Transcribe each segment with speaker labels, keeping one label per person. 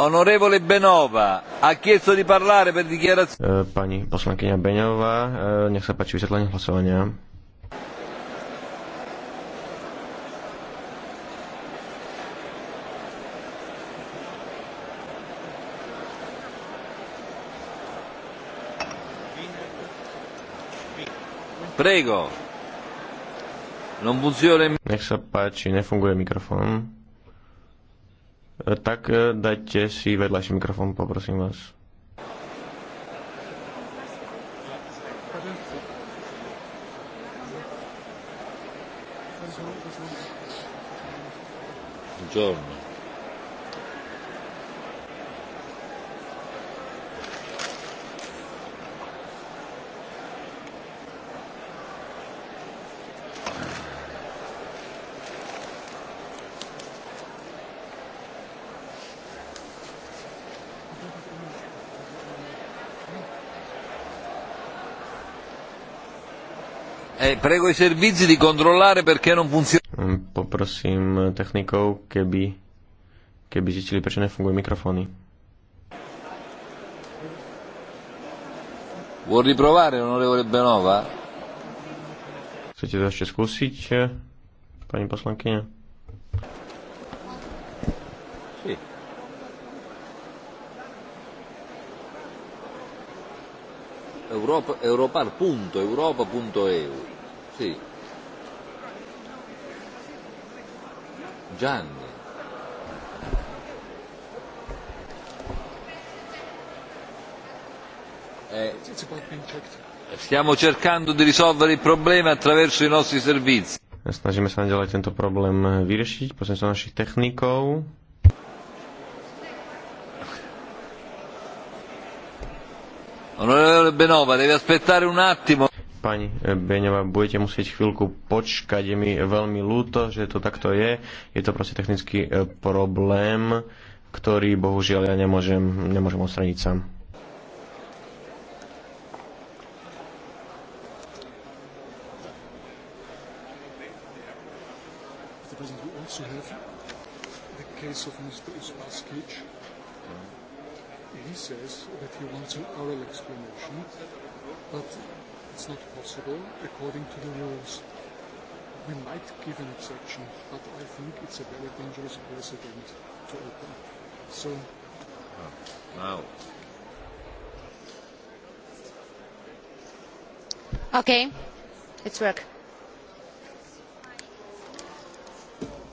Speaker 1: Onorevole Benova ha chiesto di parlare per dichiarazione.
Speaker 2: Eh, pani poslankyňa Beňová, eh, nech sa páči vysvetlenie hlasovania.
Speaker 1: Prego. Non funziona...
Speaker 2: Nech sa páči, nefunguje mikrofón. E, tak e, dajte si vedľajší mikrofón, poprosím vás.
Speaker 1: Buongiorno. Eh, prego i servizi di controllare perché non funziona.
Speaker 2: Ehm, Poprosím eh, technikov, keby, keby zistili, prečo nefungujú mikrofóny.
Speaker 1: Vuol riprovare, onorevole Benova?
Speaker 2: Chcete to ešte skúsiť, eh, pani poslankyňa?
Speaker 1: europar.europa.eu. E sì. Gianni. Eh, stiamo cercando di risolvere il problema attraverso i nostri servizi.
Speaker 2: Snažíme sa naďalej tento problém vyriešiť, posledne našich
Speaker 1: technikov. Pani Beňová,
Speaker 2: budete musieť chvíľku počkať. Je mi veľmi ľúto, že to takto je. Je to proste technický problém, ktorý bohužiaľ ja nemôžem, nemôžem odstraniť sám.
Speaker 3: zu helfen. The case of Mr he says that he wants an oral explanation, but it's not possible according to the rules. We might give an exception, but I think it's a very dangerous precedent to open. So. Wow.
Speaker 4: Ah, okay, it's work.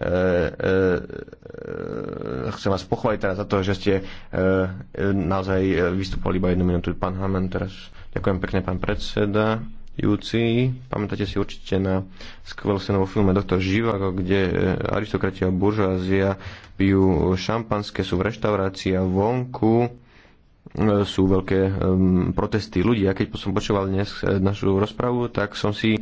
Speaker 2: E, e, e, chcem vás pochváliť teraz za to, že ste naozaj vystupovali iba jednu minútu. Pán Hamen, teraz ďakujem pekne, pán predseda. Júci, pamätáte si určite na skvelú scénu vo filme Doktor Živago, kde aristokratia a buržoázia pijú šampanské, sú v reštaurácii a vonku E, sú veľké e, protesty ľudí. A keď som počúval dnes e, našu rozpravu, tak som si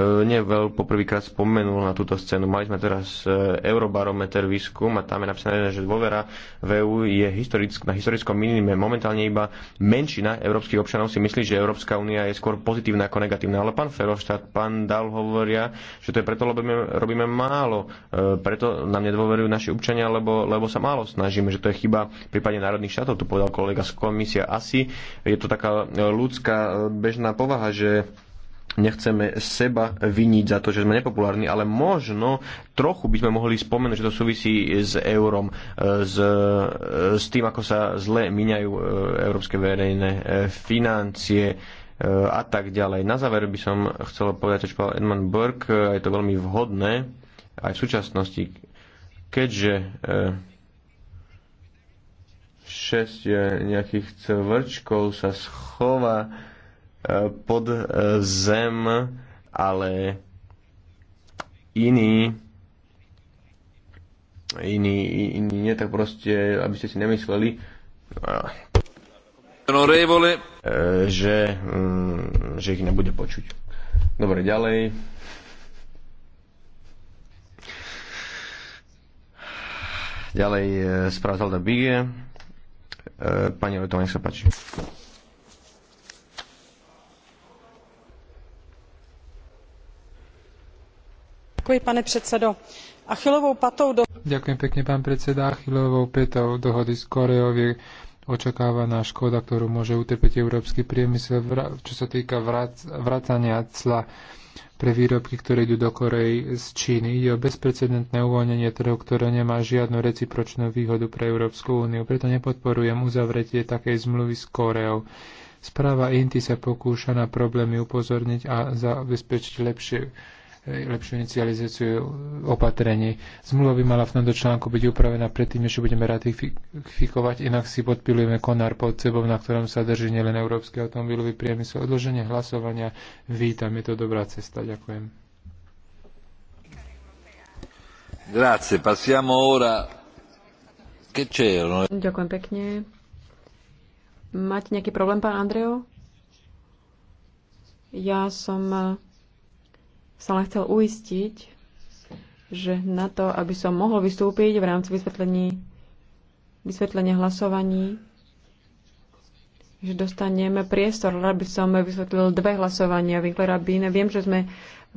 Speaker 2: neveľ poprvýkrát spomenul na túto scénu. Mali sme teraz Eurobarometer výskum a tam je napísané, že dôvera v EU je historick, na historickom minime. Momentálne iba menšina európskych občanov si myslí, že Európska únia je skôr pozitívna ako negatívna. Ale pán Feroštát, pán Dal hovoria, že to je preto, lebo robíme málo. Preto nám nedôverujú naši občania, lebo, lebo sa málo snažíme, že to je chyba v prípade národných štátov, to povedal kolega Skon komisia. Asi je to taká e, ľudská e, bežná povaha, že nechceme seba viniť za to, že sme nepopulárni, ale možno trochu by sme mohli spomenúť, že to súvisí s eurom, s, e, s tým, ako sa zle miňajú európske verejné financie a tak ďalej. Na záver by som chcel povedať, čo povedal Edmund Burke, je to veľmi vhodné aj v súčasnosti, keďže 6 nejakých cvrčkov sa schová e, pod e, zem, ale iný iní, iný nie, tak proste, aby ste si nemysleli, e, že, mm, že ich nebude počuť. Dobre, ďalej. Ďalej správa Zalda Bigie. E, pani Leto, nech sa páči.
Speaker 5: Ďakujem pekne,
Speaker 3: pán predseda. Achilovou petou dohody s Koreou je očakávaná škoda, ktorú môže utrpeť európsky priemysel, čo sa týka vrátania vracania cla pre výrobky, ktoré idú do Korei z Číny. Ide o bezprecedentné uvoľnenie trhu, ktoré nemá žiadnu recipročnú výhodu pre Európsku úniu. Preto nepodporujem uzavretie takej zmluvy s Koreou. Správa Inti sa pokúša na problémy upozorniť a zabezpečiť lepšie lepšiu inicializáciu opatrení. Zmluva by mala v tomto článku byť upravená predtým, než budeme ratifikovať, inak si podpilujeme konár pod sebou, na ktorom sa drží nielen európsky automobilový priemysel. Odloženie hlasovania vítam, je to dobrá cesta. Ďakujem.
Speaker 1: Grazie, passiamo ora. Che c'è?
Speaker 5: Ďakujem pekne. Máte nejaký problém, pán Andreo? Ja som sa len chcel uistiť, že na to, aby som mohol vystúpiť v rámci vysvetlení, vysvetlenia hlasovaní, že dostaneme priestor, aby som vysvetlil dve hlasovania Winklera Bean. Viem, že sme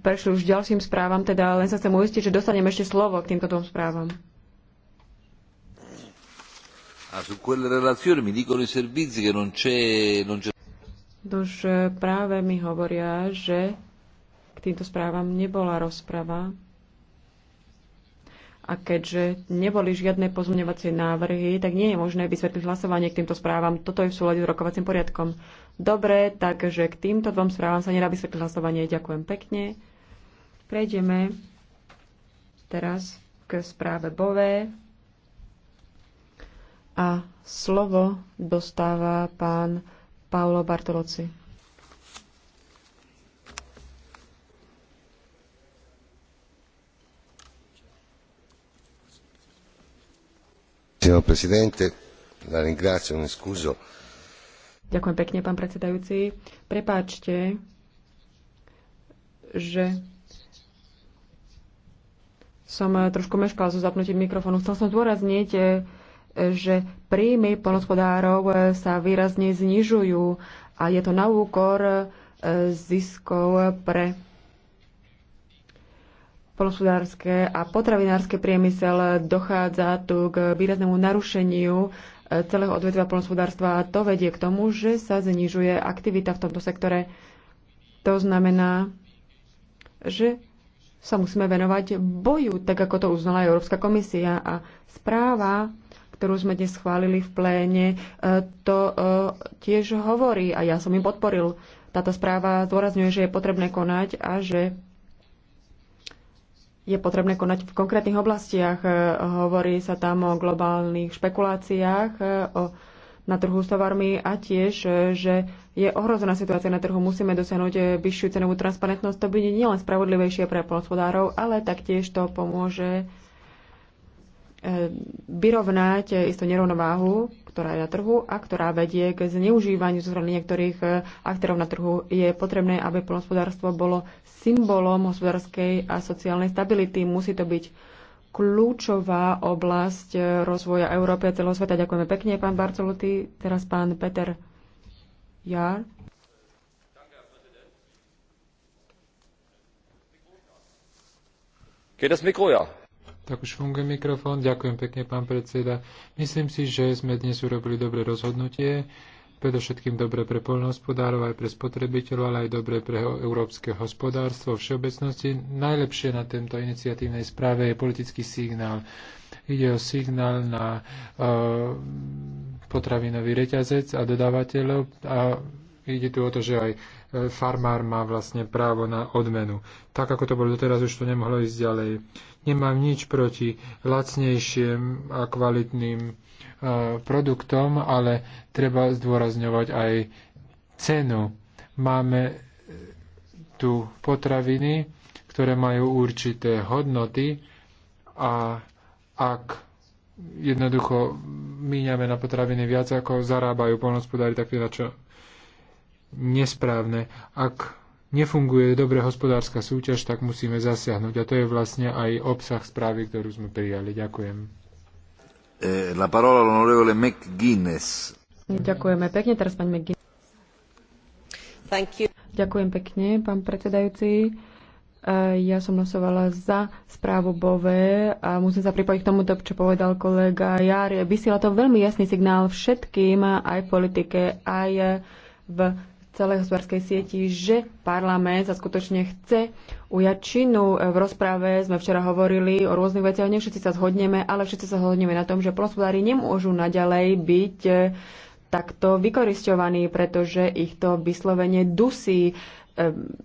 Speaker 5: prešli už ďalším správam, teda len sa chcem uistiť, že dostaneme ešte slovo k týmto dvom správam.
Speaker 1: A ah, su quelle relazioni mi dicono i servizi che non c'è... Non c'è...
Speaker 5: Nož eh, práve mi hovoria, že týmto správam nebola rozprava a keďže neboli žiadne pozmeňovacie návrhy, tak nie je možné vysvetliť hlasovanie k týmto správam. Toto je v súlade s rokovacím poriadkom. Dobre, takže k týmto dvom správam sa nedá vysvetliť hlasovanie. Ďakujem pekne. Prejdeme teraz k správe Bové. A slovo dostáva pán Paolo Bartoloci.
Speaker 1: Signor Presidente, la ringrazio, mi scuso.
Speaker 5: Ďakujem pekne, pán predsedajúci. Prepáčte, že som trošku meškal so zapnutím mikrofónu. Chcel som zdôrazniť, že príjmy polnospodárov sa výrazne znižujú a je to na úkor ziskov pre polnospodárske a potravinárske priemysel dochádza tu k výraznému narušeniu e, celého odvetva polnospodárstva a to vedie k tomu, že sa znižuje aktivita v tomto sektore. To znamená, že sa musíme venovať boju, tak ako to uznala Európska komisia a správa ktorú sme dnes schválili v pléne, e, to e, tiež hovorí a ja som im podporil. Táto správa zdôrazňuje, že je potrebné konať a že je potrebné konať v konkrétnych oblastiach. E, hovorí sa tam o globálnych špekuláciách e, o, na trhu s tovarmi a tiež, e, že je ohrozená situácia na trhu. Musíme dosiahnuť vyššiu cenovú transparentnosť. To bude nielen spravodlivejšie pre polospodárov, ale taktiež to pomôže E, vyrovnať e, istú nerovnováhu, ktorá je na trhu a ktorá vedie k zneužívaniu zo strany niektorých e, aktérov na trhu. Je potrebné, aby polnospodárstvo bolo symbolom hospodárskej a sociálnej stability. Musí to byť kľúčová oblasť rozvoja Európy a celého sveta. Ďakujeme pekne, pán Barcoluty. Teraz pán Peter Jar.
Speaker 1: Geht das Mikro ja?
Speaker 3: Tak už funguje mikrofón. Ďakujem pekne, pán predseda. Myslím si, že sme dnes urobili dobré rozhodnutie, predovšetkým dobre pre poľnohospodárov, aj pre spotrebiteľov, ale aj dobre pre európske hospodárstvo v všeobecnosti. Najlepšie na tejto iniciatívnej správe je politický signál. Ide o signál na uh, potravinový reťazec a dodávateľov a Ide tu o to, že aj e, farmár má vlastne právo na odmenu. Tak ako to bolo doteraz, už to nemohlo ísť ďalej. Nemám nič proti lacnejším a kvalitným e, produktom, ale treba zdôrazňovať aj cenu. Máme e, tu potraviny, ktoré majú určité hodnoty a ak jednoducho míňame na potraviny viac, ako zarábajú polnospodári, tak teda čo nesprávne. Ak nefunguje dobre hospodárska súťaž, tak musíme zasiahnuť. A to je vlastne aj obsah správy, ktorú sme prijali. Ďakujem. Eh, la parola
Speaker 1: l'onorevole McGuinness.
Speaker 5: Ďakujeme pekne. Teraz pani McGuinness. Thank you. Ďakujem pekne, pán predsedajúci. Eh, ja som hlasovala za správu Bové a musím sa pripojiť k tomuto, čo povedal kolega Jar. Vysiela to veľmi jasný signál všetkým, aj v politike, aj v celej hospodárskej sieti, že parlament sa skutočne chce ujať činu. V rozprave sme včera hovorili o rôznych veciach, nie všetci sa zhodneme, ale všetci sa zhodneme na tom, že prospodári nemôžu naďalej byť e, takto vykoristovaní, pretože ich to vyslovene dusí e,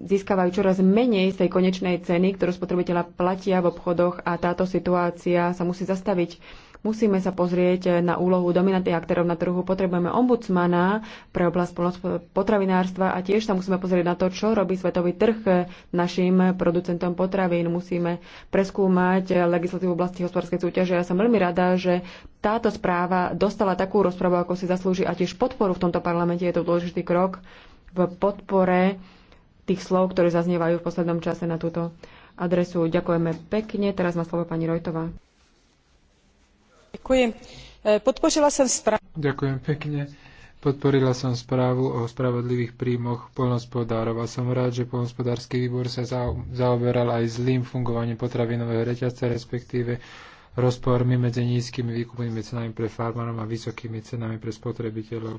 Speaker 5: získavajú čoraz menej z tej konečnej ceny, ktorú spotrebiteľa platia v obchodoch a táto situácia sa musí zastaviť Musíme sa pozrieť na úlohu dominantných aktérov na trhu. Potrebujeme ombudsmana pre oblasť potravinárstva a tiež sa musíme pozrieť na to, čo robí svetový trh našim producentom potravín. Musíme preskúmať legislatívu v oblasti hospodárskej súťaže. Ja som veľmi rada, že táto správa dostala takú rozpravu, ako si zaslúži a tiež podporu v tomto parlamente. Je to dôležitý krok v podpore tých slov, ktoré zaznievajú v poslednom čase na túto adresu. Ďakujeme pekne. Teraz má slovo pani Rojtová.
Speaker 3: E, podporila som správu. Ďakujem pekne. Podporila som správu o spravodlivých príjmoch poľnohospodárov a som rád, že poľnohospodársky výbor sa zaoberal aj zlým fungovaním potravinového reťazca, respektíve rozpormi medzi nízkymi výkupnými cenami pre farmárov a vysokými cenami pre spotrebiteľov.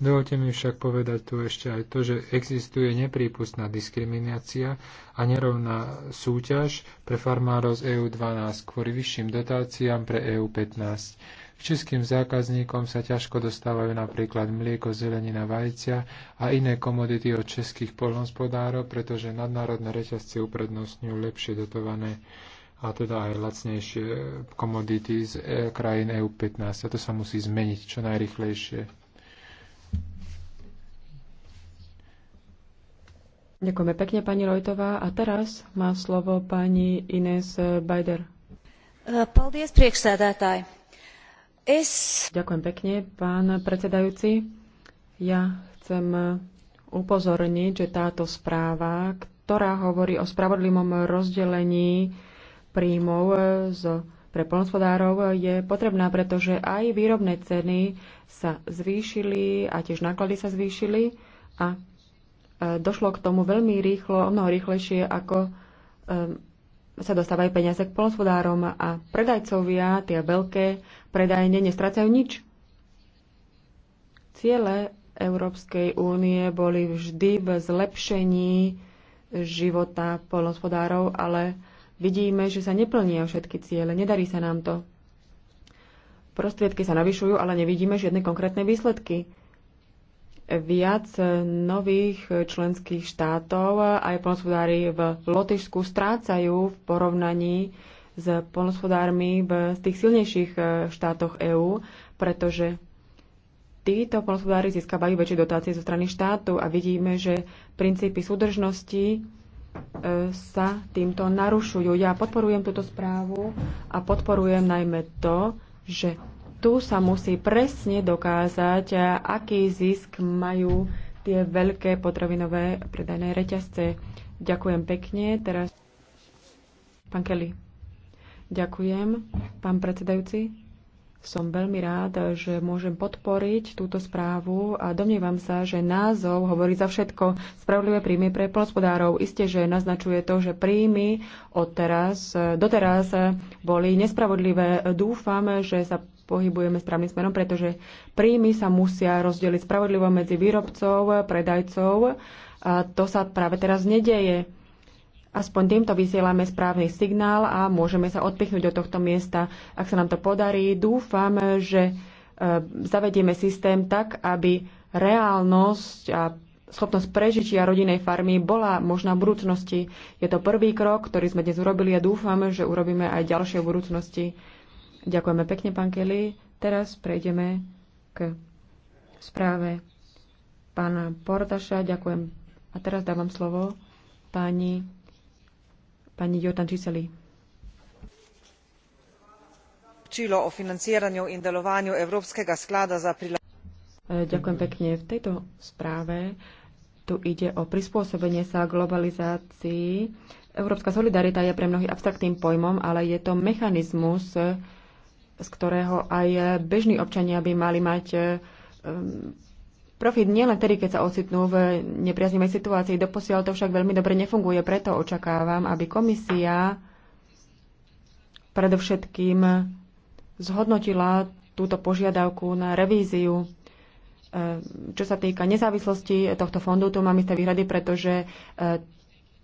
Speaker 3: Dovolte mi však povedať tu ešte aj to, že existuje neprípustná diskriminácia a nerovná súťaž pre farmárov z EU12 kvôli vyšším dotáciám pre EU15. K českým zákazníkom sa ťažko dostávajú napríklad mlieko, zelenina, vajcia a iné komodity od českých polnospodárov, pretože nadnárodné reťazce uprednostňujú lepšie dotované a teda aj lacnejšie komodity z e, krajín EU15. A to sa musí zmeniť čo najrychlejšie.
Speaker 5: Ďakujeme pekne, pani Rojtová. A teraz má slovo pani Ines Bajder. Ďakujem pekne, pán predsedajúci. Ja chcem upozorniť, že táto správa, ktorá hovorí o spravodlivom rozdelení príjmov e, z pre polnospodárov e, je potrebná, pretože aj výrobné ceny sa zvýšili a tiež náklady sa zvýšili a došlo k tomu veľmi rýchlo, o mnoho rýchlejšie, ako sa dostávajú peniaze k polnospodárom a predajcovia, tie veľké predajne, nestracajú nič. Ciele Európskej únie boli vždy v zlepšení života polnospodárov, ale vidíme, že sa neplnia všetky ciele, nedarí sa nám to. Prostriedky sa navyšujú, ale nevidíme žiadne konkrétne výsledky viac nových členských štátov aj polnospodári v Lotyšsku strácajú v porovnaní s polnospodármi v tých silnejších e, štátoch EÚ, pretože títo polnospodári získavajú väčšie dotácie zo strany štátu a vidíme, že princípy súdržnosti e, sa týmto narušujú. Ja podporujem túto správu a podporujem najmä to, že tu sa musí presne dokázať, aký zisk majú tie veľké potravinové predajné reťazce. Ďakujem pekne. Teraz pán Kelly. Ďakujem, pán predsedajúci. Som veľmi rád, že môžem podporiť túto správu a domnievam sa, že názov hovorí za všetko. Spravodlivé príjmy pre polospodárov. Isté, že naznačuje to, že príjmy odteraz, doteraz boli nespravodlivé. Dúfam, že sa pohybujeme správnym smerom, pretože príjmy sa musia rozdeliť spravodlivo medzi výrobcov, predajcov. A to sa práve teraz nedeje. Aspoň týmto vysielame správny signál a môžeme sa odpichnúť do tohto miesta. Ak sa nám to podarí, dúfam, že e, zavedieme systém tak, aby reálnosť a schopnosť prežitia rodinej farmy bola možná v budúcnosti. Je to prvý krok, ktorý sme dnes urobili a dúfam, že urobíme aj ďalšie v budúcnosti. Ďakujeme pekne, pán Kelly. Teraz prejdeme k správe pána Portaša. Ďakujem. A teraz dávam slovo pani, pani Jotan Čiseli.
Speaker 4: Čilo o financieraniu in delovaniu Evropskega sklada za prilá...
Speaker 5: E, ďakujem pekne. V tejto správe tu ide o prispôsobenie sa globalizácii. Európska solidarita je pre mnohých abstraktným pojmom, ale je to mechanizmus, z ktorého aj bežní občania by mali mať eh, profit nielen tedy, keď sa ocitnú v nepriaznivej situácii. Doposiaľ to však veľmi dobre nefunguje, preto očakávam, aby komisia predovšetkým zhodnotila túto požiadavku na revíziu. Eh, čo sa týka nezávislosti tohto fondu, tu mám isté výhrady, pretože eh,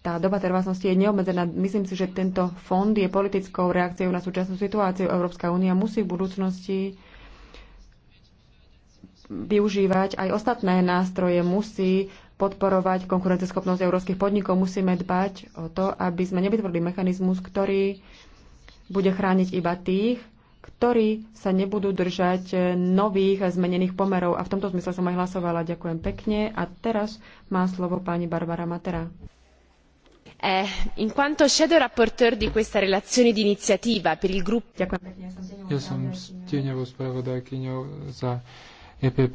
Speaker 5: tá doba trvácnosti je neobmedzená. Myslím si, že tento fond je politickou reakciou na súčasnú situáciu. Európska únia musí v budúcnosti využívať aj ostatné nástroje, musí podporovať konkurenceschopnosť európskych podnikov. Musíme dbať o to, aby sme nevytvorili mechanizmus, ktorý bude chrániť iba tých, ktorí sa nebudú držať nových a zmenených pomerov. A v tomto zmysle som aj hlasovala. Ďakujem pekne. A teraz má slovo pani Barbara Matera. Eh, in quanto shadow rapporteur di questa relazione d'iniziativa per il gruppo...
Speaker 3: Ja som tieňovou spravodajkyňou za EPP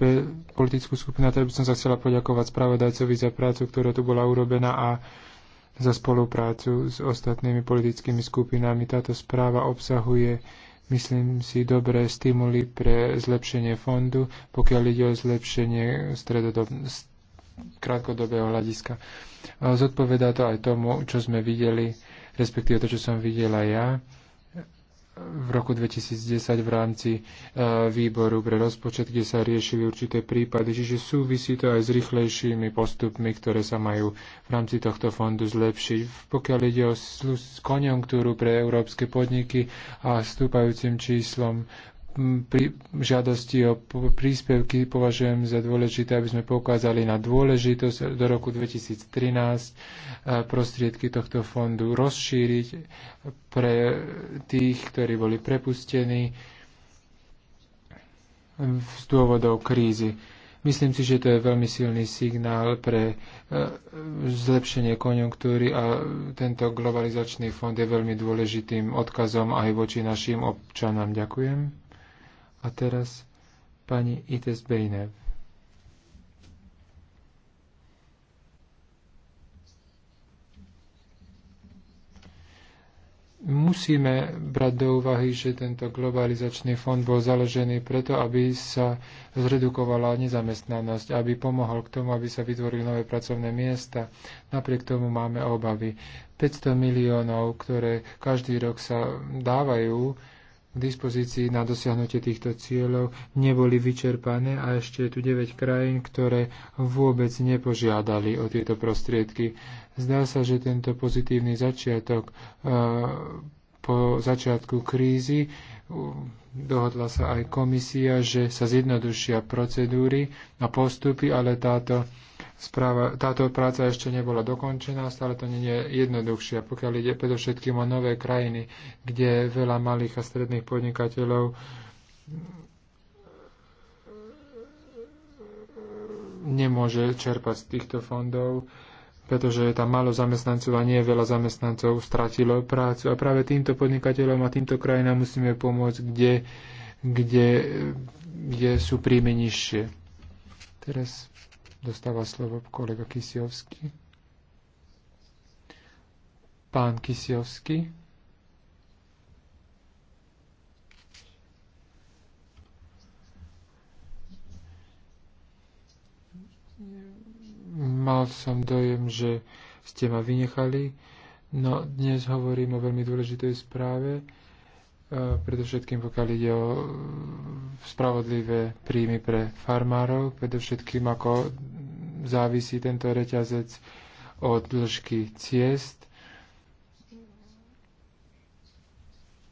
Speaker 3: politickú skupinu, a teda by som sa chcela poďakovať spravodajcovi za prácu, ktorá tu bola urobená a za spoluprácu s ostatnými politickými skupinami. Táto správa obsahuje myslím si, dobré stimuly pre zlepšenie fondu, pokiaľ ide o zlepšenie stredodob- krátkodobého hľadiska. Zodpovedá to aj tomu, čo sme videli, respektíve to, čo som videla ja v roku 2010 v rámci e, výboru pre rozpočet, kde sa riešili určité prípady. Čiže súvisí to aj s rýchlejšími postupmi, ktoré sa majú v rámci tohto fondu zlepšiť. Pokiaľ ide o konjunktúru pre európske podniky a stúpajúcim číslom pri žiadosti o príspevky považujem za dôležité, aby sme poukázali na dôležitosť do roku 2013 e, prostriedky tohto fondu rozšíriť pre tých, ktorí boli prepustení z dôvodov krízy. Myslím si, že to je veľmi silný signál pre e, zlepšenie konjunktúry a tento globalizačný fond je veľmi dôležitým odkazom aj voči našim občanom. Ďakujem. A teraz pani Ites Bejnev. Musíme brať do úvahy, že tento globalizačný fond bol založený preto, aby sa zredukovala nezamestnanosť, aby pomohol k tomu, aby sa vytvorili nové pracovné miesta. Napriek tomu máme obavy. 500 miliónov, ktoré každý rok sa dávajú k dispozícii na dosiahnutie týchto cieľov neboli vyčerpané a ešte je tu 9 krajín, ktoré vôbec nepožiadali o tieto prostriedky. Zdá sa, že tento pozitívny začiatok e, po začiatku krízy dohodla sa aj komisia, že sa zjednodušia procedúry a postupy, ale táto Správa, táto práca ešte nebola dokončená, stále to nie je jednoduchšie. Pokiaľ ide predovšetkým o nové krajiny, kde veľa malých a stredných podnikateľov nemôže čerpať z týchto fondov, pretože je tam málo zamestnancov a nie veľa zamestnancov stratilo prácu. A práve týmto podnikateľom a týmto krajinám musíme pomôcť, kde, kde, kde sú príjmy nižšie. Teraz Dostáva slovo kolega Kisiovský. Pán Kisiovský. Mal som dojem, že ste ma vynechali, no dnes hovorím o veľmi dôležitej správe, e, predovšetkým pokiaľ ide o spravodlivé príjmy pre farmárov, predovšetkým ako závisí tento reťazec od dĺžky ciest,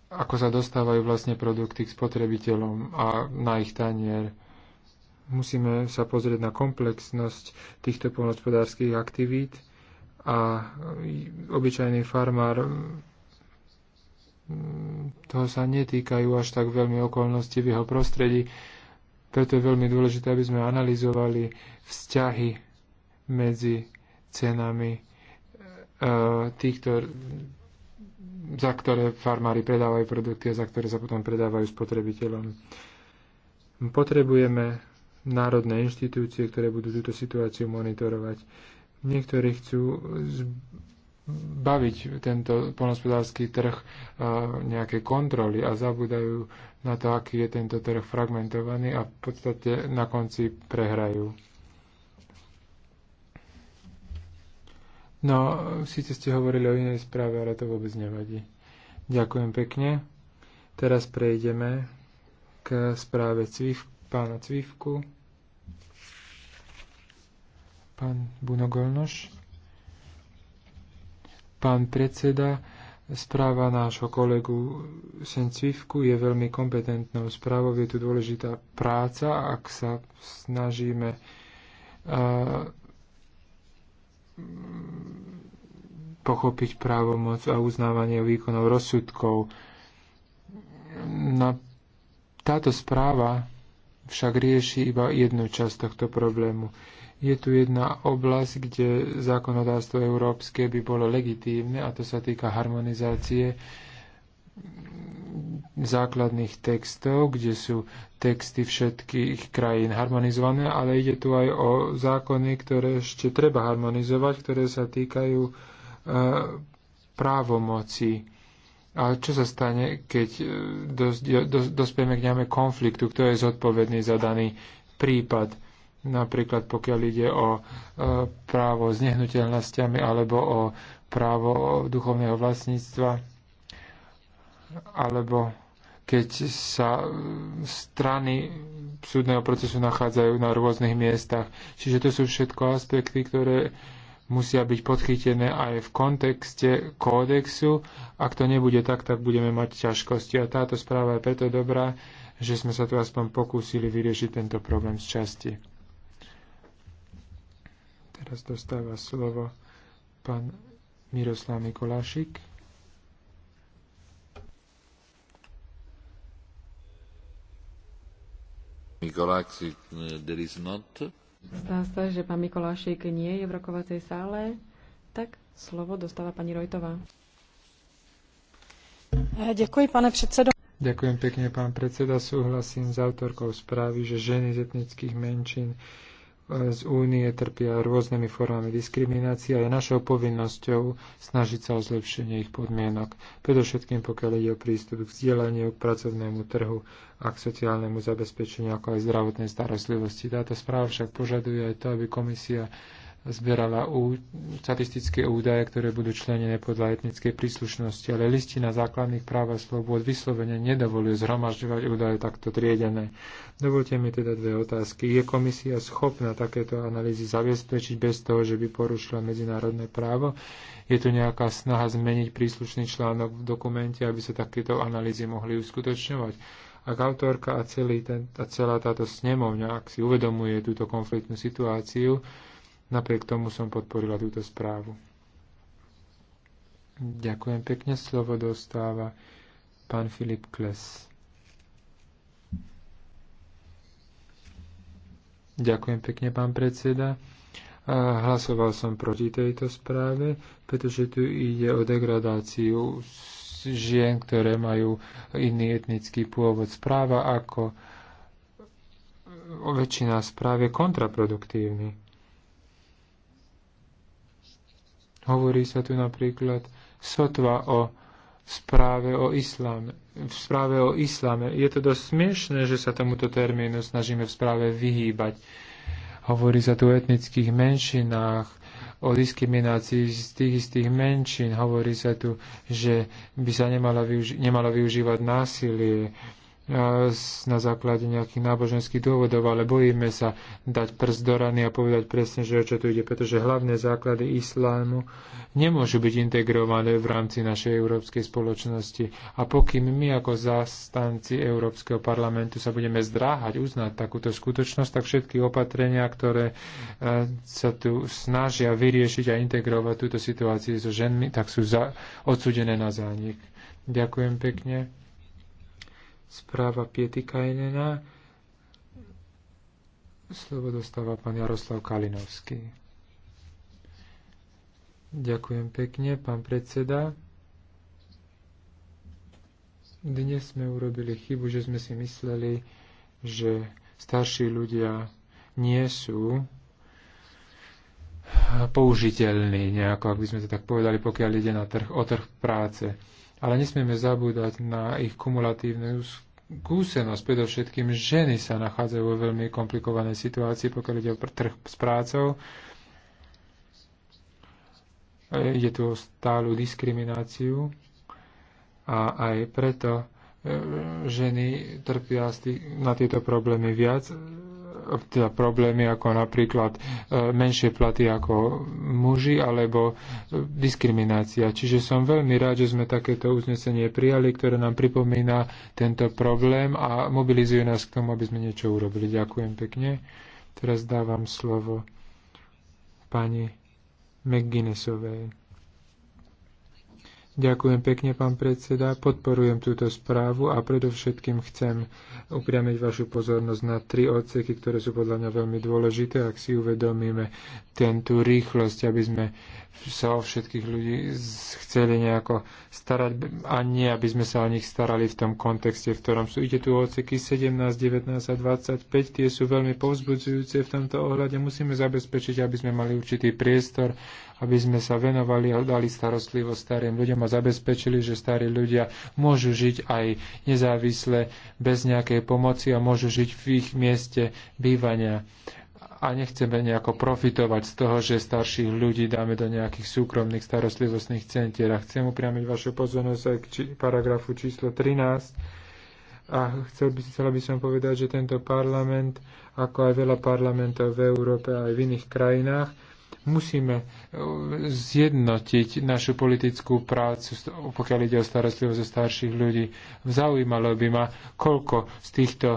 Speaker 3: ako sa dostávajú vlastne produkty k spotrebiteľom a na ich tanier. Musíme sa pozrieť na komplexnosť týchto polnospodárských aktivít a obyčajný farmár mm, toho sa netýkajú až tak veľmi okolnosti v jeho prostredí. Preto je veľmi dôležité, aby sme analyzovali vzťahy medzi cenami e, týchto, za ktoré farmári predávajú produkty a za ktoré sa potom predávajú spotrebiteľom. Potrebujeme národné inštitúcie, ktoré budú túto situáciu monitorovať. Niektorí chcú baviť tento polnospodársky trh e, nejaké kontroly a zabúdajú na to, aký je tento trh fragmentovaný a v podstate na konci prehrajú. No, síce ste hovorili o inej správe, ale to vôbec nevadí. Ďakujem pekne. Teraz prejdeme k správe Cvif, pána Cvivku. Pán Bunogolnoš. Pán predseda, správa nášho kolegu Sencvivku je veľmi kompetentnou správou. Je tu dôležitá práca, ak sa snažíme pochopiť právomoc a uznávanie výkonov rozsudkov. Na, táto správa však rieši iba jednu časť tohto problému je tu jedna oblasť, kde zákonodárstvo európske by bolo legitívne a to sa týka harmonizácie základných textov, kde sú texty všetkých krajín harmonizované, ale ide tu aj o zákony, ktoré ešte treba harmonizovať, ktoré sa týkajú e, právomoci. A čo sa stane, keď e, dos, dos, dospieme k nejakému konfliktu, kto je zodpovedný za daný prípad? napríklad pokiaľ ide o e, právo s nehnuteľnosťami alebo o právo duchovného vlastníctva, alebo keď sa e, strany súdneho procesu nachádzajú na rôznych miestach. Čiže to sú všetko aspekty, ktoré musia byť podchytené aj v kontexte kódexu. Ak to nebude tak, tak budeme mať ťažkosti. A táto správa je preto dobrá, že sme sa tu aspoň pokúsili vyriešiť tento problém z časti. Teraz dostáva slovo pán Miroslav Mikulášik.
Speaker 1: Mikulášik, there is not.
Speaker 5: Zdá sa, že pán Mikolášik nie je v rokovacej sále, tak slovo dostáva pani Rojtová. Ďakujem, pane predsedo.
Speaker 3: Ďakujem pekne, pán predseda. Súhlasím s autorkou správy, že ženy z etnických menšín z únie trpia rôznymi formami diskriminácie a je našou povinnosťou snažiť sa o zlepšenie ich podmienok, predovšetkým pokiaľ ide o prístup k vzdielaniu, k pracovnému trhu a k sociálnemu zabezpečeniu, ako aj zdravotnej starostlivosti. Táto správa však požaduje aj to, aby komisia zbierala ú, statistické údaje, ktoré budú členené podľa etnickej príslušnosti, ale listina základných práv a slobôd vyslovene nedovoluje zhromažďovať údaje takto triedené. Dovolte mi teda dve otázky. Je komisia schopná takéto analýzy zabezpečiť bez toho, že by porušila medzinárodné právo? Je tu nejaká snaha zmeniť príslušný článok v dokumente, aby sa takéto analýzy mohli uskutočňovať? ak autorka a, celý ten, a celá táto snemovňa, ak si uvedomuje túto konfliktnú situáciu, Napriek tomu som podporila túto správu. Ďakujem pekne. Slovo dostáva pán Filip Kles. Ďakujem pekne, pán predseda. Hlasoval som proti tejto správe, pretože tu ide o degradáciu žien, ktoré majú iný etnický pôvod. Správa ako väčšina správ je kontraproduktívny Hovorí sa tu napríklad sotva o správe o islame. V správe o islame. Je to dosť smiešné, že sa tomuto termínu snažíme v správe vyhýbať. Hovorí sa tu o etnických menšinách, o diskriminácii z tých istých menšín. Hovorí sa tu, že by sa nemalo, využi- nemalo využívať násilie na základe nejakých náboženských dôvodov, ale bojíme sa dať prst do rany a povedať presne, že o čo tu ide, pretože hlavné základy islámu nemôžu byť integrované v rámci našej európskej spoločnosti. A pokým my ako zastanci Európskeho parlamentu sa budeme zdráhať uznať takúto skutočnosť, tak všetky opatrenia, ktoré e, sa tu snažia vyriešiť a integrovať túto situáciu so ženmi, tak sú za, odsudené na zánik. Ďakujem pekne správa Piety Kajnena. Slovo dostáva pán Jaroslav Kalinovský. Ďakujem pekne, pán predseda. Dnes sme urobili chybu, že sme si mysleli, že starší ľudia nie sú použiteľní, nejako, ak by sme to tak povedali, pokiaľ ide na trh, o trh práce ale nesmieme zabúdať na ich kumulatívnu skúsenosť. Predovšetkým ženy sa nachádzajú vo veľmi komplikovanej situácii, pokiaľ ide o trh s prácou. E, ide tu o stálu diskrimináciu a aj preto e, ženy trpia na tieto problémy viac teda problémy ako napríklad e, menšie platy ako muži alebo diskriminácia. Čiže som veľmi rád, že sme takéto uznesenie prijali, ktoré nám pripomína tento problém a mobilizuje nás k tomu, aby sme niečo urobili. Ďakujem pekne. Teraz dávam slovo pani McGuinnessovej. Ďakujem pekne, pán predseda. Podporujem túto správu a predovšetkým chcem upriamiť vašu pozornosť na tri odseky, ktoré sú podľa mňa veľmi dôležité, ak si uvedomíme tú rýchlosť, aby sme sa o všetkých ľudí chceli nejako starať a nie, aby sme sa o nich starali v tom kontexte, v ktorom sú. Ide tu oceky 17, 19 a 25, tie sú veľmi povzbudzujúce v tomto ohľade. Musíme zabezpečiť, aby sme mali určitý priestor, aby sme sa venovali a dali starostlivo starým ľuďom a zabezpečili, že starí ľudia môžu žiť aj nezávisle, bez nejakej pomoci a môžu žiť v ich mieste bývania a nechceme nejako profitovať z toho, že starších ľudí dáme do nejakých súkromných starostlivostných centier. A chcem upriamiť vašu pozornosť aj k či, paragrafu číslo 13. A chcel by, chcela by som povedať, že tento parlament, ako aj veľa parlamentov v Európe a aj v iných krajinách, musíme e, zjednotiť našu politickú prácu, pokiaľ ide o starostlivosť o starších ľudí. Zaujímalo by ma, koľko z týchto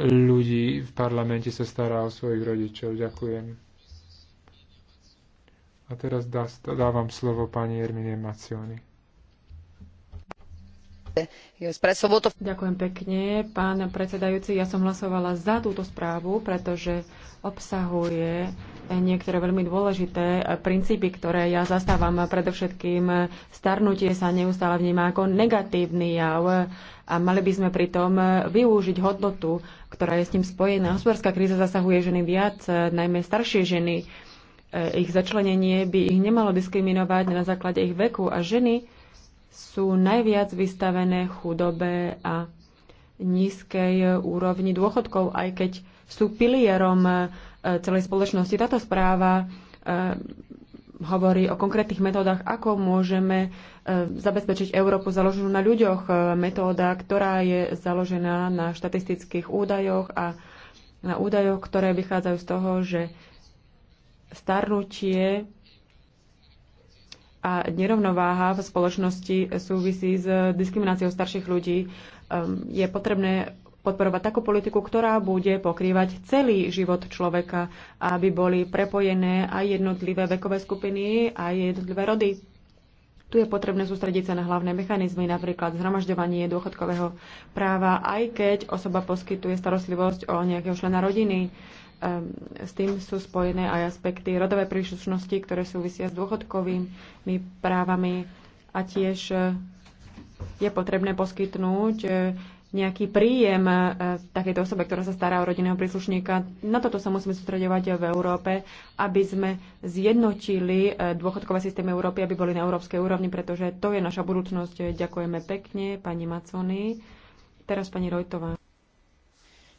Speaker 3: ľudí v parlamente sa stará o svojich rodičov. Ďakujem. A teraz dávam slovo pani Ermine Macioni.
Speaker 5: Ďakujem pekne, pán predsedajúci. Ja som hlasovala za túto správu, pretože obsahuje niektoré veľmi dôležité princípy, ktoré ja zastávam. Predovšetkým starnutie sa neustále vníma ako negatívny jav a mali by sme pritom využiť hodnotu, ktorá je s ním spojená. Hospodárska kríza zasahuje ženy viac, najmä staršie ženy. Ich začlenenie by ich nemalo diskriminovať na základe ich veku a ženy sú najviac vystavené chudobe a nízkej úrovni dôchodkov, aj keď sú pilierom e, celej spoločnosti. Táto správa e, hovorí o konkrétnych metódach, ako môžeme e, zabezpečiť Európu založenú na ľuďoch. Metóda, ktorá je založená na štatistických údajoch a na údajoch, ktoré vychádzajú z toho, že starnutie a nerovnováha v spoločnosti súvisí s diskrimináciou starších ľudí. Ehm, je potrebné podporovať takú politiku, ktorá bude pokrývať celý život človeka, aby boli prepojené aj jednotlivé vekové skupiny a jednotlivé rody. Tu je potrebné sústrediť sa na hlavné mechanizmy, napríklad zhromažďovanie dôchodkového práva, aj keď osoba poskytuje starostlivosť o nejakého člena rodiny. Ehm, s tým sú spojené aj aspekty rodové príslušnosti, ktoré súvisia s dôchodkovými právami a tiež e, je potrebné poskytnúť e, nejaký príjem e, takéto osobe, ktorá sa stará o rodinného príslušníka. Na toto sa musíme sústredovať v Európe, aby sme zjednotili dôchodkové systémy Európy, aby boli na európskej úrovni, pretože to je naša budúcnosť. Ďakujeme pekne, pani Macony. Teraz pani Rojtová.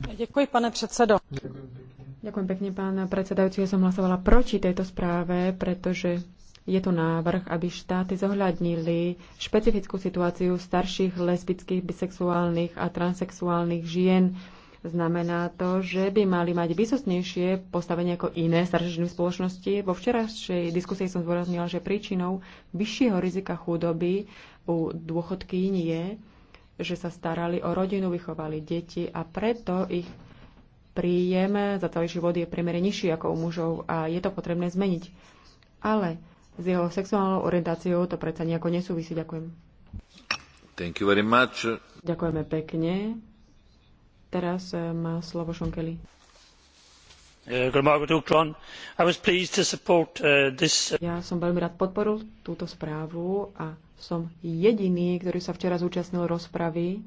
Speaker 5: Ďakujem, pane predsedo.
Speaker 3: Ďakujem.
Speaker 5: Ďakujem pekne, pán predsedajúci. Ja som hlasovala proti tejto správe, pretože je to návrh, aby štáty zohľadnili špecifickú situáciu starších lesbických, bisexuálnych a transexuálnych žien. Znamená to, že by mali mať vysostnejšie postavenie ako iné staršie spoločnosti. Vo včerajšej diskusii som zdôraznila, že príčinou vyššieho rizika chudoby u dôchodkýň je, že sa starali o rodinu, vychovali deti a preto ich príjem za celý život je priemere nižší ako u mužov a je to potrebné zmeniť. Ale s jeho sexuálnou orientáciou to predsa nejako nesúvisí. Ďakujem.
Speaker 1: Thank you very much.
Speaker 5: Ďakujeme pekne. Teraz eh, má slovo Sean Kelly. Ja som veľmi rád podporil túto správu a som jediný, ktorý sa včera zúčastnil rozpravy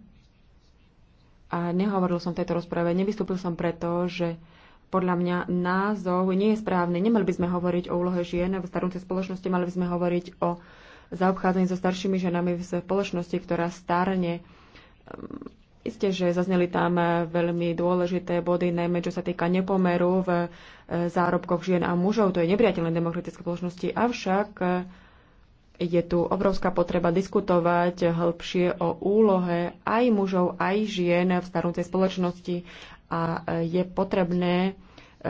Speaker 5: a nehovoril som v tejto rozprave, nevystúpil som preto, že podľa mňa názov nie je správny. Nemali by sme hovoriť o úlohe žien v starúcej spoločnosti, mali by sme hovoriť o zaobchádzaní so staršími ženami v spoločnosti, ktorá starne. Ehm, Isté, že zazneli tam eh, veľmi dôležité body, najmä čo sa týka nepomeru v eh, zárobkoch žien a mužov. To je nepriateľné demokratické spoločnosti. Avšak eh, je tu obrovská potreba diskutovať hĺbšie o úlohe aj mužov, aj žien v starúcej spoločnosti a je potrebné e,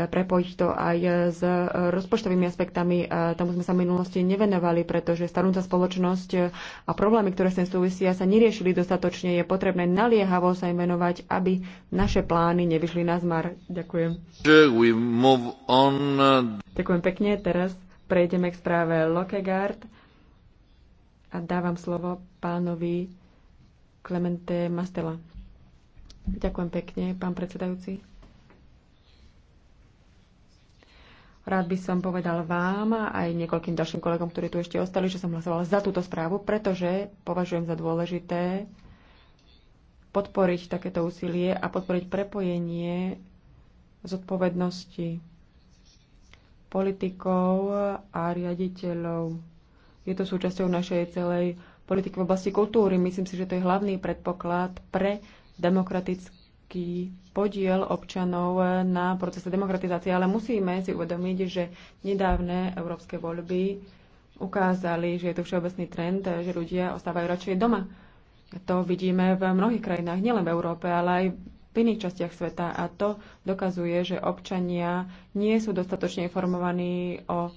Speaker 5: prepojiť to aj s rozpočtovými aspektami. E, Tomu sme sa v minulosti nevenovali, pretože starúca spoločnosť a problémy, ktoré s tým súvisia, sa neriešili dostatočne. Je potrebné naliehavo sa im venovať, aby naše plány nevyšli na zmar. Ďakujem. Ďakujem pekne. Teraz prejdeme k správe Lokegard a dávam slovo pánovi Clemente Mastela. Ďakujem pekne, pán predsedajúci. Rád by som povedal vám a aj niekoľkým ďalším kolegom, ktorí tu ešte ostali, že som hlasovala za túto správu, pretože považujem za dôležité podporiť takéto úsilie a podporiť prepojenie zodpovednosti politikov a riaditeľov je to súčasťou našej celej politiky v oblasti kultúry. Myslím si, že to je hlavný predpoklad pre demokratický podiel občanov na procese demokratizácie. Ale musíme si uvedomiť, že nedávne európske voľby ukázali, že je to všeobecný trend, že ľudia ostávajú radšej doma. To vidíme v mnohých krajinách, nielen v Európe, ale aj v iných častiach sveta. A to dokazuje, že občania nie sú dostatočne informovaní o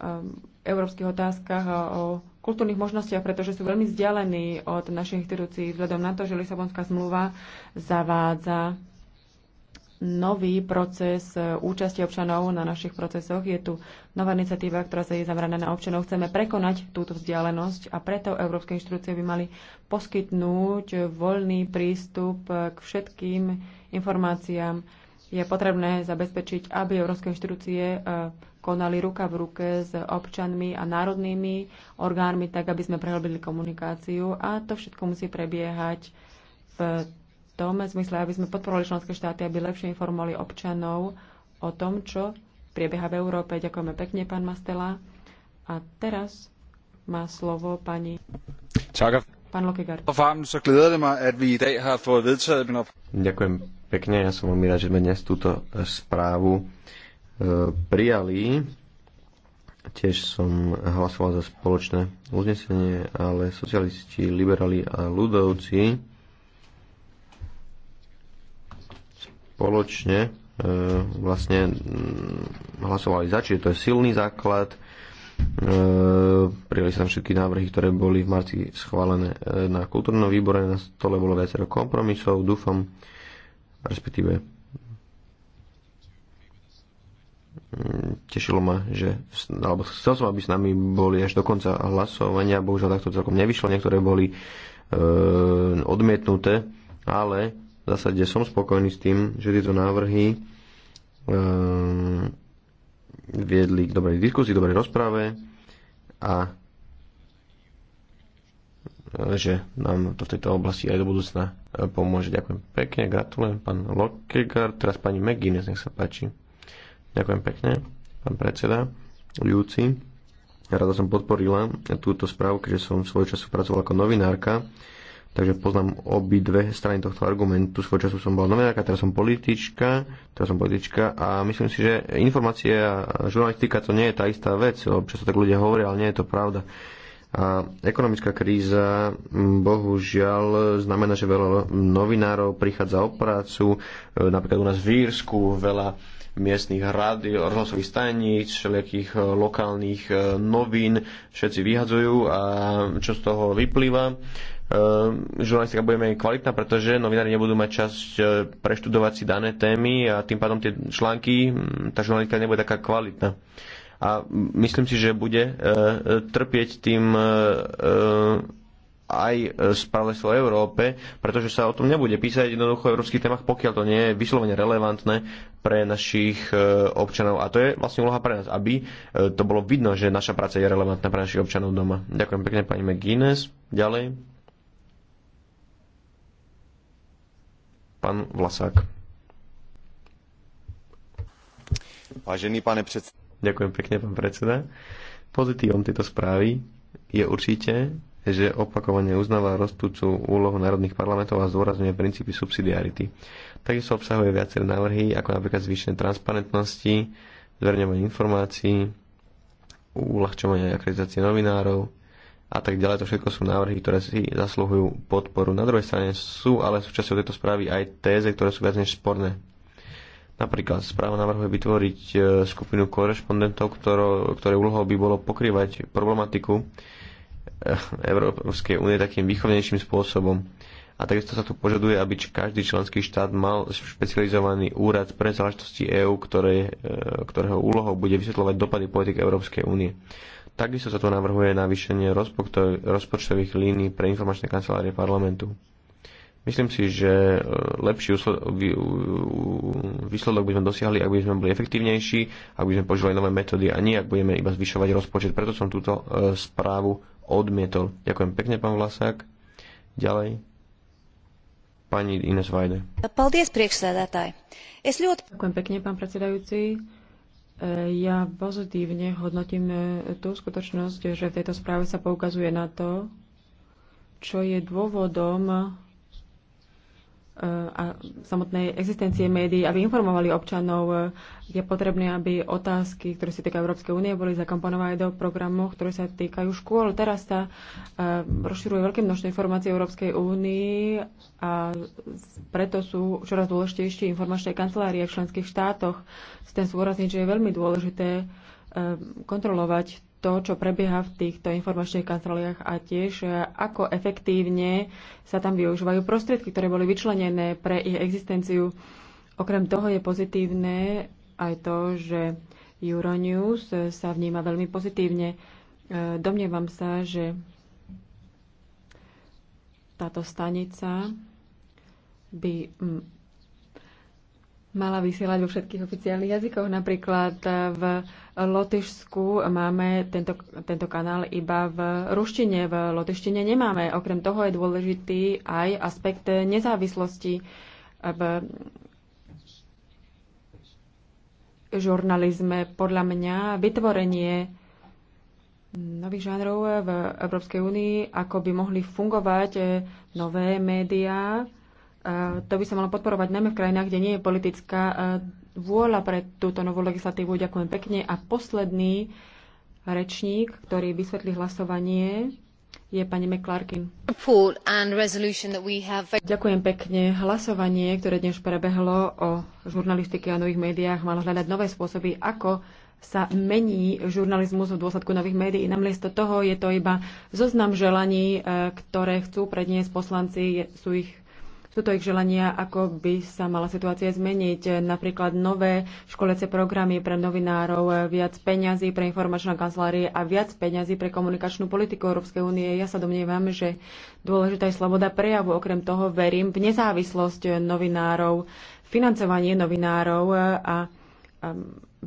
Speaker 5: um, európskych otázkach, o kultúrnych možnostiach, pretože sú veľmi vzdialení od našich inštitúcií vzhľadom na to, že Lisabonská zmluva zavádza nový proces účasti občanov na našich procesoch. Je tu nová iniciatíva, ktorá sa je zavraná na občanov. Chceme prekonať túto vzdialenosť a preto európske inštitúcie by mali poskytnúť voľný prístup k všetkým informáciám. Je potrebné zabezpečiť, aby európske inštitúcie e, konali ruka v ruke s občanmi a národnými orgánmi, tak aby sme prehlbili komunikáciu a to všetko musí prebiehať v tom zmysle, aby sme podporovali členské štáty, aby lepšie informovali občanov o tom, čo priebieha v Európe. Ďakujeme pekne, pán Mastela. A teraz má slovo pani...
Speaker 3: Čaká. Pán Lokegard.
Speaker 2: Ďakujem pekne, ja som veľmi rád, že sme dnes túto správu prijali. Tiež som hlasoval za spoločné uznesenie, ale socialisti, liberáli a ľudovci spoločne e, vlastne mm, hlasovali za, čiže to je silný základ. E, prijali sa všetky návrhy, ktoré boli v marci schválené e, na kultúrnom výbore, na stole bolo viacero kompromisov, dúfam, respektíve Mm, tešilo ma, že, alebo chcel som, aby s nami boli až do konca hlasovania, bohužiaľ takto celkom nevyšlo, niektoré boli e, odmietnuté, ale v zásade som spokojný s tým, že tieto návrhy e, viedli k dobrej diskusii, dobrej rozprave a e, že nám to v tejto oblasti aj do budúcna pomôže. Ďakujem pekne, gratulujem pán Lokegar, teraz pani McGuinness, nech sa páči. Ďakujem pekne, pán predseda, ľudci. Rada som podporila túto správu, keďže som svoj času pracoval ako novinárka, takže poznám dve strany tohto argumentu. Svoj času som bola novinárka, teraz som politička, teraz som politička a myslím si, že informácie a žurnalistika to nie je tá istá vec. Občas sa tak ľudia hovoria, ale nie je to pravda. A ekonomická kríza bohužiaľ znamená, že veľa novinárov prichádza o prácu, e, napríklad u nás v Írsku veľa miestnych rádio, rozhlasových staníc, všelijakých e, lokálnych e, novín, všetci vyhadzujú a čo z toho vyplýva. E, žurnalistika bude menej kvalitná, pretože novinári nebudú mať čas preštudovať si dané témy a tým pádom tie články, tá žurnalistika nebude taká kvalitná a myslím si, že bude uh, trpieť tým aj spravodajstvo e, Európe, pretože sa o tom nebude písať jednoducho o európskych témach, pokiaľ to nie je vyslovene relevantné pre našich e, občanov. A to je vlastne úloha pre nás, aby e, to bolo vidno, že naša práca je relevantná pre našich občanov doma. Ďakujem pekne pani McGuinness. Ďalej. Pán Vlasák. Vážený pane predseda. Ďakujem pekne, pán predseda. Pozitívom tejto správy je určite že opakovane uznáva rostúcu úlohu národných parlamentov a zdôrazňuje princípy subsidiarity. Takisto obsahuje viaceré návrhy, ako napríklad zvýšenie transparentnosti, zverňovanie informácií, uľahčovanie akreditácie novinárov a tak ďalej. To všetko sú návrhy, ktoré si zasluhujú podporu. Na druhej strane sú ale súčasťou tejto správy aj téze, ktoré sú viac než sporné. Napríklad správa navrhuje vytvoriť e, skupinu korešpondentov, ktoré úlohou by bolo pokrývať problematiku Európskej únie takým výchovnejším spôsobom. A takisto sa tu požaduje, aby každý členský štát mal špecializovaný úrad pre záležitosti EÚ, ktoré, e, ktorého úlohou bude vysvetľovať dopady politik Európskej únie. Takisto sa tu navrhuje navýšenie rozpočtových línií pre informačné kancelárie parlamentu. Myslím si, že e, lepší výsledok by sme dosiahli, ak by sme boli efektívnejší, ak by sme používali nové metódy a nie, ak budeme iba zvyšovať rozpočet. Preto som túto e, správu odmietol. Ďakujem pekne, pán Vlasák. Ďalej. Pani Ines Vajde.
Speaker 5: Ďakujem pekne, pán predsedajúci. E, ja pozitívne hodnotím e, tú skutočnosť, že v tejto správe sa poukazuje na to, čo je dôvodom a samotnej existencie médií, aby informovali občanov. Je potrebné, aby otázky, ktoré sa týkajú Európskej únie, boli zakomponované do programov, ktoré sa týkajú škôl. Teraz sa e, rozširuje veľké množstvo informácií Európskej únii a preto sú čoraz dôležitejšie informačné kancelárie v členských štátoch. Chcem súrazniť, že je veľmi dôležité e, kontrolovať to, čo prebieha v týchto informačných kontroliach a tiež e, ako efektívne sa tam využívajú prostriedky, ktoré boli vyčlenené pre ich existenciu. Okrem toho je pozitívne aj to, že Euronews e, sa vníma veľmi pozitívne. E, domnievam sa, že táto stanica by mala vysielať vo všetkých oficiálnych jazykoch. Napríklad eh, v Lotyšsku máme tento, tento kanál iba v ruštine, v lotyštine nemáme. Okrem toho je dôležitý aj aspekt nezávislosti eh, v žurnalizme. Podľa mňa vytvorenie nových žánrov v Európskej únii, ako by mohli fungovať eh, nové médiá, to by sa malo podporovať najmä v krajinách, kde nie je politická e, vôľa pre túto novú legislatívu. Ďakujem pekne. A posledný rečník, ktorý vysvetlí hlasovanie, je pani McClarkin. Ďakujem pekne. Hlasovanie, ktoré dnes prebehlo o žurnalistike a nových médiách, malo hľadať nové spôsoby, ako sa mení žurnalizmus v dôsledku nových médií. Namiesto toho je to iba zoznam želaní, e, ktoré chcú predniesť poslanci, sú ich toto ich želania, ako by sa mala situácia zmeniť. Napríklad nové školece programy pre novinárov, viac peňazí pre informačné kancelárie a viac peňazí pre komunikačnú politiku Európskej únie. Ja sa domnievam, že dôležitá je sloboda prejavu. Okrem toho verím v nezávislosť novinárov, financovanie novinárov a, a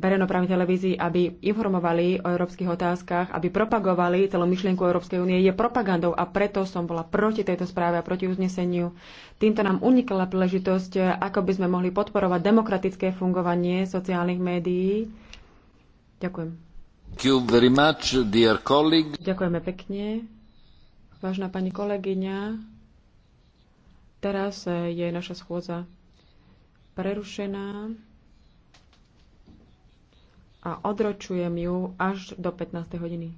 Speaker 5: verejnoprávnej televízii, aby informovali o európskych otázkach, aby propagovali celú myšlienku Európskej únie, je propagandou a preto som bola proti tejto správe a proti uzneseniu. Týmto nám unikla príležitosť, ako by sme mohli podporovať demokratické fungovanie sociálnych médií. Ďakujem. Much, Ďakujeme pekne. Vážna pani kolegyňa, teraz je naša schôdza prerušená a odročujem ju až do 15. hodiny.